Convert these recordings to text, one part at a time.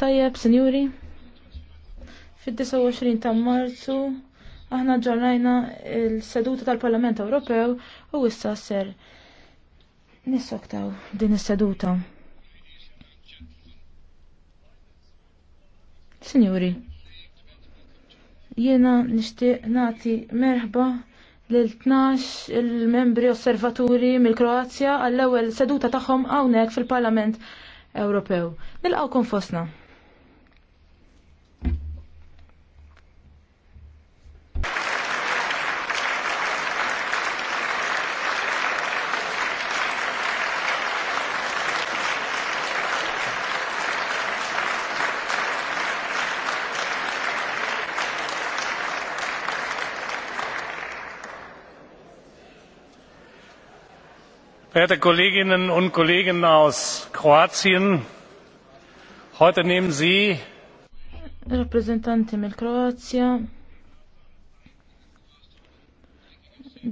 Tajjeb, senjuri, fid-29 ta' marzu aħna ġarrajna il-seduta tal-Parlament Ewropew u issa ser nissoktaw din is-seduta. Senjuri, jiena nixtieq nagħti merħba lil 12 il-membri osservaturi mill-Kroazja għall-ewwel seduta tagħhom hawnhekk fil-Parlament Ewropew. Nilqgħukom fosna. verehrte kolleginnen und kollegen aus kroatien heute nehmen sie rappresentanti mill-Kroazja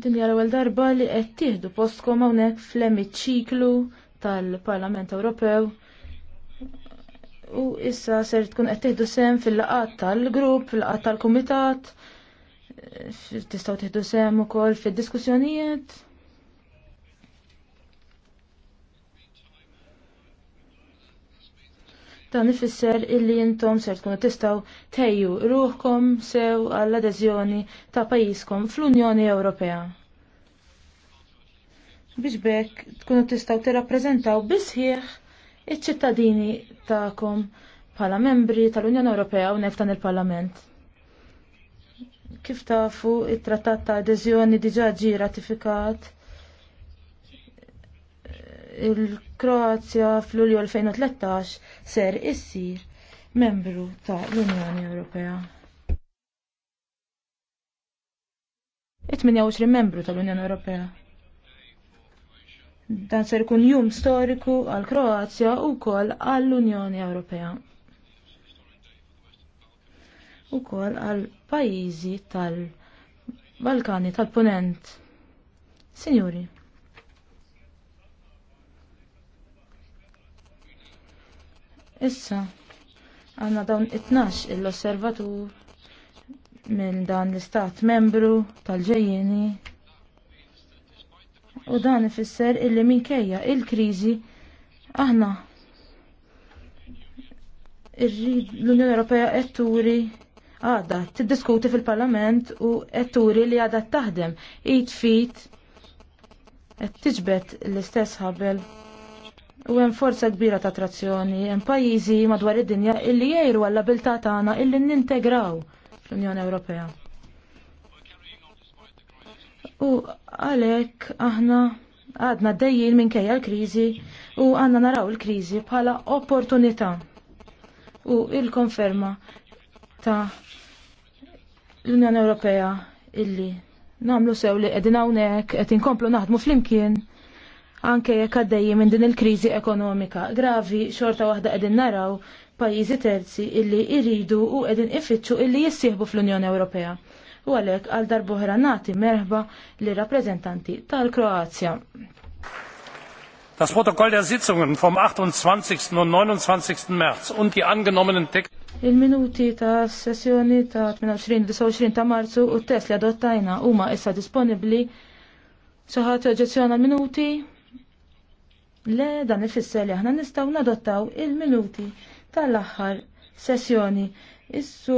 din hija l-ewwel darba li qed tieħdu postkom hawnhekk fl-emiċiklu tal-Parlament Ewropew u issa ser tkun qed tieħdu sem fil-laqat tal-grupp, fil-laqat tal-kumitat, tistgħu tieħdu sem ukoll fid-diskussjonijiet. Dan ifisser illi jintom ser tkunu tistaw tejju ruħkom sew għall-adeżjoni ta' pajjiżkom fl-Unjoni Ewropea. Biex bekk tkunu tistaw tirrappreżentaw bisħieħ iċ-ċittadini tagħkom bħala membri tal-Unjoni Ewropea u neftan il-Parlament. Kif tafu it-trattat ta' adeżjoni diġa' ġie ratifikat il-Kroazja fl-Ulju 2013 ser issir membru ta' l-Unjoni Ewropea. 28 membru tal-Unjoni Ewropea. Dan ser kun jum storiku għal Kroazja u kol għall-Unjoni Ewropea. U kol għal pajizi tal-Balkani tal-Ponent. Signori. Issa, għanna dawn itnax il-osservatur minn dan l-istat membru tal-ġejjeni. U dan ifisser illi minkejja il-kriżi aħna l-Unjoni Ewropea qed turi għadha tiddiskuti fil-Parlament u qed turi li għadha taħdem id fit qed tiġbed l-istess ħabel u hemm forza kbira ta' trazzjoni, hemm pajjiżi madwar id-dinja illi jgħiru għall-abilità tagħna illi nintegraw fl-Unjoni Ewropea. U għalhekk aħna għadna dejjin minkejja l-kriżi u għandna naraw il-kriżi bħala opportunità u il-konferma ta' l-Unjoni Ewropea illi namlu sew li qegħdin hawnhekk qed inkomplu naħdmu flimkien anke jekk għaddejjin minn din il-kriżi ekonomika gravi xorta waħda qegħdin naraw pajjiżi terzi illi jridu u qegħdin ifittxu illi jissieħbu fl-Unjoni Ewropea. U għalhekk għal darbohra nagħti merħba li rappreżentanti tal-Kroazja. Das Protokoll der Sitzungen vom 28. und 29. März und die angenommenen Texte Il-minuti ta' sessjoni ta' 28-29 ta' marzu u t-test li adottajna huma issa disponibbli. Soħat għal minuti Le dan ifisser li aħna nistgħu nadottaw il-minuti tal-aħħar sessjoni. Is-sur